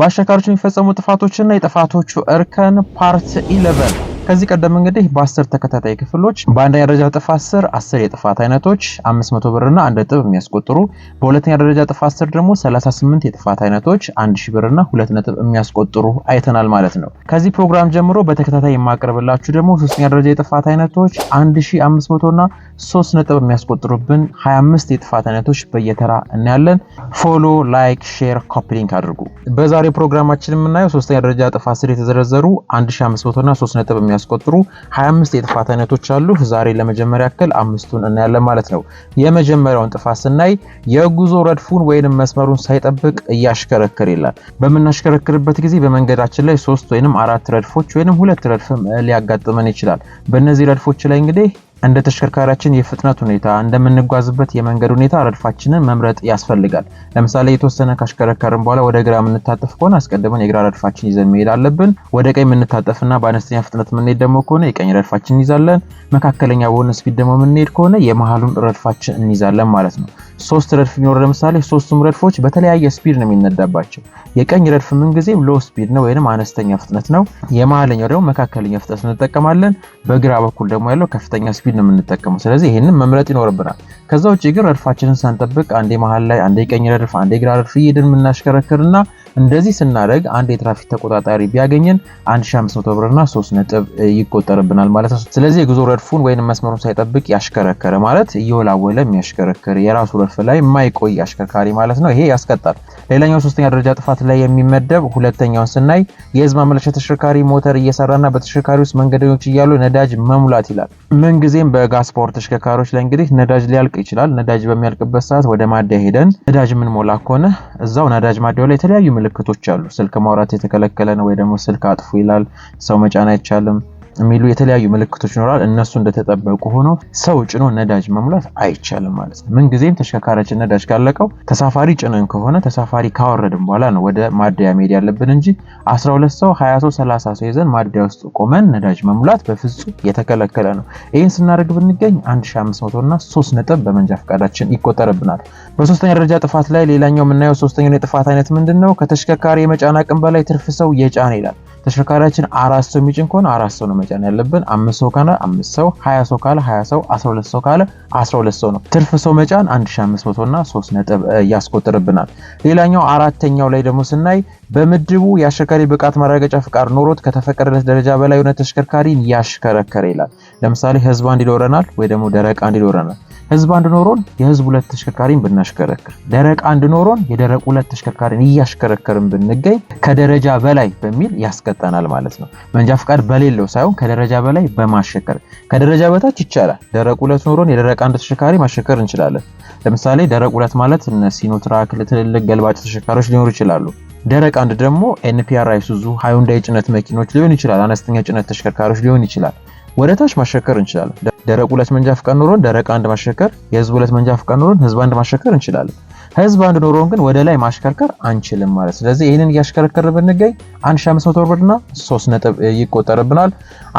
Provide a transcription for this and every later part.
በአሽከርካሪዎች የሚፈጸሙ ጥፋቶችና የጥፋቶቹ እርከን ፓርት ኢለቨን ከዚህ ቀደም እንግዲህ በአስር ተከታታይ ክፍሎች በአንደኛ ደረጃ ጥፋት ስር አስር የጥፋት አይነቶች 500 ብርና አንድ ነጥብ የሚያስቆጥሩ፣ በሁለተኛ ደረጃ ጥፋት ስር ደግሞ 38 የጥፋት አይነቶች 1000 ብርና ሁለት ነጥብ የሚያስቆጥሩ አይተናል ማለት ነው። ከዚህ ፕሮግራም ጀምሮ በተከታታይ የማቀርብላችሁ ደግሞ ሶስተኛ ደረጃ የጥፋት አይነቶች 1500ና 3 ነጥብ የሚያስቆጥሩብን 25 የጥፋት አይነቶች በየተራ እናያለን። ፎሎ፣ ላይክ፣ ሼር፣ ኮፒ ሊንክ አድርጉ። በዛሬው ፕሮግራማችን የምናየው ሶስተኛ ደረጃ ጥፋት ስር የተዘረዘሩ 1500ና 3 ነጥብ የሚያስቆጥሩ 25 የጥፋት አይነቶች አሉ። ዛሬ ለመጀመሪያ ያክል አምስቱን እናያለን ማለት ነው። የመጀመሪያውን ጥፋት ስናይ የጉዞ ረድፉን ወይንም መስመሩን ሳይጠብቅ እያሽከረክር ይላል። በምናሽከረክርበት ጊዜ በመንገዳችን ላይ ሶስት ወይንም አራት ረድፎች ወይንም ሁለት ረድፍም ሊያጋጥመን ይችላል። በእነዚህ ረድፎች ላይ እንግዲህ እንደ ተሽከርካሪያችን የፍጥነት ሁኔታ እንደምንጓዝበት የመንገድ ሁኔታ ረድፋችንን መምረጥ ያስፈልጋል። ለምሳሌ የተወሰነ ካሽከረከርን በኋላ ወደ ግራ የምንታጠፍ ከሆነ አስቀድመን የግራ ረድፋችን ይዘን መሄድ አለብን። ወደ ቀኝ የምንታጠፍና በአነስተኛ ፍጥነት የምንሄድ ደግሞ ከሆነ የቀኝ ረድፋችን እንይዛለን። መካከለኛ በሆነ ስፒድ ደግሞ የምንሄድ ከሆነ የመሀሉን ረድፋችን እንይዛለን ማለት ነው። ሶስት ረድፍ ቢኖር ለምሳሌ ሶስቱም ረድፎች በተለያየ ስፒድ ነው የሚነዳባቸው። የቀኝ ረድፍ ምን ጊዜም ሎ ስፒድ ነው ወይንም አነስተኛ ፍጥነት ነው። የመሀለኛው ደግሞ መካከለኛ ፍጥነት እንጠቀማለን። በግራ በኩል ደግሞ ያለው ከፍተኛ ስፒድ ነው የምንጠቀመው። ስለዚህ ይህንን መምረጥ ይኖርብናል። ከዛ ውጭ ግን ረድፋችንን ሳንጠብቅ አንዴ መሀል ላይ፣ አንዴ ቀኝ ረድፍ፣ አንዴ ግራ ረድፍ እየሄድን የምናሽከረክርና እንደዚህ ስናደርግ አንድ የትራፊክ ተቆጣጣሪ ቢያገኘን 1500 ብርና 3 ነጥብ ይቆጠርብናል ማለት ነው። ስለዚህ የጉዞ ረድፉን ወይም መስመሩን ሳይጠብቅ ያሽከረከረ ማለት እየወላወለ የሚያሽከረክር የራሱ ጎልፍ ላይ የማይቆይ አሽከርካሪ ማለት ነው። ይሄ ያስቀጣል። ሌላኛው ሶስተኛ ደረጃ ጥፋት ላይ የሚመደብ ሁለተኛውን ስናይ የህዝብ ማመላለሻ ተሽከርካሪ ሞተር እየሰራና በተሽከርካሪ ውስጥ መንገደኞች እያሉ ነዳጅ መሙላት ይላል። ምንጊዜም በጋስፖርት ተሽከርካሪዎች ላይ እንግዲህ ነዳጅ ሊያልቅ ይችላል። ነዳጅ በሚያልቅበት ሰዓት ወደ ማደያ ሄደን ነዳጅ የምንሞላ ከሆነ እዛው ነዳጅ ማደያው ላይ የተለያዩ ምልክቶች አሉ። ስልክ ማውራት የተከለከለ ነው ወይ ደግሞ ስልክ አጥፉ ይላል። ሰው መጫን አይቻልም። የሚሉ የተለያዩ ምልክቶች ይኖራል። እነሱ እንደተጠበቁ ሆኖ ሰው ጭኖ ነዳጅ መሙላት አይቻልም ማለት ነው። ምንጊዜም ተሽከርካሪያችን ነዳጅ ካለቀው ተሳፋሪ ጭነን ከሆነ ተሳፋሪ ካወረድን በኋላ ነው ወደ ማደያ መሄድ ያለብን እንጂ 12 ሰው 20 ሰው 30 ሰው ይዘን ማደያ ውስጥ ቆመን ነዳጅ መሙላት በፍጹም የተከለከለ ነው። ይህን ስናደርግ ብንገኝ 1500 እና 3 ነጥብ በመንጃ ፈቃዳችን ይቆጠርብናል። በሶስተኛ ደረጃ ጥፋት ላይ ሌላኛው የምናየው ሶስተኛው የጥፋት አይነት ምንድን ነው? ከተሽከርካሪ የመጫን አቅም በላይ ትርፍ ሰው የጫነ ይላል። ተሽከርካሪያችን አራት ሰው የሚጭን ከሆነ አራት ሰው ነው መጫን ያለብን። አምስት ሰው ካለ አምስት ሰው፣ ሀያ ሰው ካለ ሀያ ሰው፣ አስራ ሁለት ሰው ካለ አስራ ሁለት ሰው ነው። ትርፍ ሰው መጫን አንድ ሺ አምስት መቶ እና ሶስት ነጥብ ያስቆጥርብናል። ሌላኛው አራተኛው ላይ ደግሞ ስናይ በምድቡ የአሽከርካሪ ብቃት ማረጋገጫ ፍቃድ ኖሮት ከተፈቀደለት ደረጃ በላይ የሆነ ተሽከርካሪን ያሽከረከረ ይላል። ለምሳሌ ህዝብ አንድ ይኖረናል ወይ ደግሞ ደረቅ አንድ ይኖረናል። ህዝብ አንድ ኖሮን የህዝብ ሁለት ተሽከርካሪን ብናሽከረክር፣ ደረቅ አንድ ኖሮን የደረቅ ሁለት ተሽከርካሪን እያሽከረከርን ብንገኝ ከደረጃ በላይ በሚል ያስቀጠናል ማለት ነው። መንጃ ፍቃድ በሌለው ሳይሆን ከደረጃ በላይ በማሸከር ከደረጃ በታች ይቻላል። ደረቅ ሁለት ኖሮን የደረቅ አንድ ተሽከርካሪ ማሸከር እንችላለን። ለምሳሌ ደረቅ ሁለት ማለት እነ ሲኖትራክ ትልልቅ ገልባጭ ተሽከርካሪዎች ሊኖሩ ይችላሉ። ደረቅ አንድ ደግሞ ኤንፒአር አይሱዙ፣ ሃዩንዳይ ጭነት መኪኖች ሊሆን ይችላል። አነስተኛ ጭነት ተሽከርካሪዎች ሊሆን ይችላል። ወደ ታች ማሸከር እንችላለን። ደረቅ ሁለት መንጃ ፍቃድ ኖሮን ደረቅ አንድ ማሸከር፣ የህዝብ ሁለት መንጃ ፍቃድ ኖሮን ህዝብ አንድ ማሸከር እንችላለን። ህዝብ አንድ ኖሮን ግን ወደ ላይ ማሽከርከር አንችልም ማለት። ስለዚህ ይህንን እያሽከረከር ብንገኝ 1500 ብርና 3 ነጥብ ይቆጠርብናል።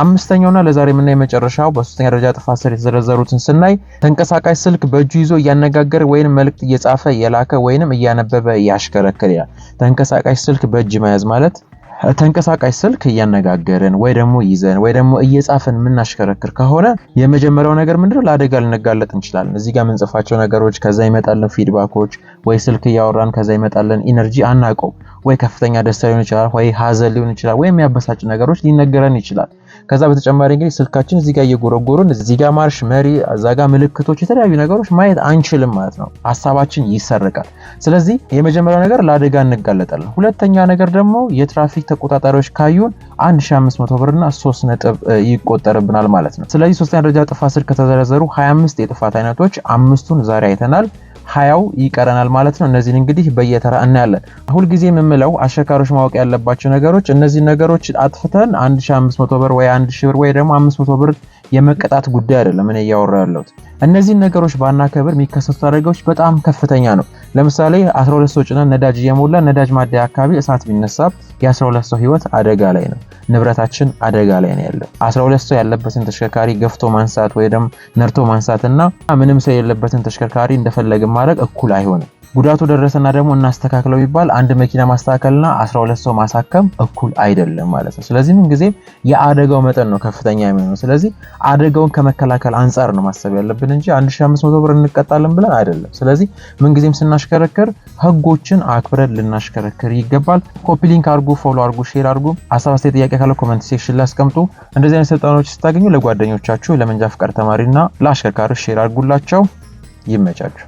አምስተኛውና ለዛሬ የምናይ መጨረሻው በሶስተኛ ደረጃ ጥፋት ስር የተዘረዘሩትን ስናይ ተንቀሳቃሽ ስልክ በእጁ ይዞ እያነጋገረ ወይንም መልእክት እየጻፈ የላከ ወይንም እያነበበ ያሽከረክር ይላል። ተንቀሳቃሽ ስልክ በእጅ መያዝ ማለት ተንቀሳቃሽ ስልክ እያነጋገርን ወይ ደግሞ ይዘን ወይ ደግሞ እየጻፍን የምናሽከረክር ከሆነ የመጀመሪያው ነገር ምንድነው ለአደጋ ልንጋለጥ እንችላለን። እዚህ ጋር የምንጽፋቸው ነገሮች ከዛ ይመጣልን ፊድባኮች፣ ወይ ስልክ እያወራን ከዛ ይመጣልን ኢነርጂ አናቀው ወይ ከፍተኛ ደስታ ሊሆን ይችላል፣ ወይ ሀዘን ሊሆን ይችላል፣ ወይ የሚያበሳጭ ነገሮች ሊነገረን ይችላል። ከዛ በተጨማሪ እንግዲህ ስልካችን እዚህ ጋር እየጎረጎሩን እዚህ ጋር ማርሽ መሪ፣ እዛ ጋር ምልክቶች፣ የተለያዩ ነገሮች ማየት አንችልም ማለት ነው። ሀሳባችን ይሰርቃል። ስለዚህ የመጀመሪያው ነገር ለአደጋ እንጋለጣለን። ሁለተኛ ነገር ደግሞ የትራፊክ ተቆጣጣሪዎች ካዩን 1500 ብርና 3 ነጥብ ይቆጠርብናል ማለት ነው። ስለዚህ ሶስተኛ ደረጃ ጥፋት ስር ከተዘረዘሩ 25 የጥፋት አይነቶች አምስቱን ዛሬ አይተናል። ሀያው ይቀረናል ማለት ነው። እነዚህን እንግዲህ በየተራ እናያለን። ሁልጊዜ የምምለው አሸካሪዎች ማወቅ ያለባቸው ነገሮች እነዚህ ነገሮች አጥፍተን 1500 ብር ወይ 1000 ብር ወይ ደግሞ 500 ብር የመቀጣት ጉዳይ አይደለም እኔ እያወራ ያለሁት። እነዚህን ነገሮች ባናከብር የሚከሰቱት አደጋዎች በጣም ከፍተኛ ነው። ለምሳሌ 12 ሰው ጭነን ነዳጅ እየሞላ ነዳጅ ማደያ አካባቢ እሳት ቢነሳ የ12 ሰው ህይወት አደጋ ላይ ነው፣ ንብረታችን አደጋ ላይ ነው ያለው። 12 ሰው ያለበትን ተሽከርካሪ ገፍቶ ማንሳት ወይ ደግሞ ነርቶ ማንሳትና ምንም ሰው የሌለበትን ተሽከርካሪ እንደፈለግን ማድረግ እኩል አይሆንም። ጉዳቱ ደረሰና ደግሞ እናስተካክለው ቢባል አንድ መኪና ማስተካከልና 12 ሰው ማሳከም እኩል አይደለም ማለት ነው። ስለዚህ ምን ጊዜ የአደጋው መጠን ነው ከፍተኛ የሚሆነው። ስለዚህ አደጋውን ከመከላከል አንጻር ነው ማሰብ ያለብን እንጂ 1500 ብር እንቀጣለን ብለን አይደለም። ስለዚህ ምን ጊዜም ስናሽከረክር ህጎችን አክብረን ልናሽከረክር ይገባል። ኮፒ ሊንክ አርጉ፣ ፎሎ አርጉ፣ ሼር አርጉ። አሳብ አስተያየት፣ ጥያቄ ካለ ኮመንት ሴክሽን ላይ አስቀምጡ። እንደዚህ አይነት ስልጠናዎች ስታገኙ ለጓደኞቻችሁ ለመንጃ ፍቃድ ተማሪና ለአሽከርካሪዎች ሼር አርጉላቸው ይመቻችሁ።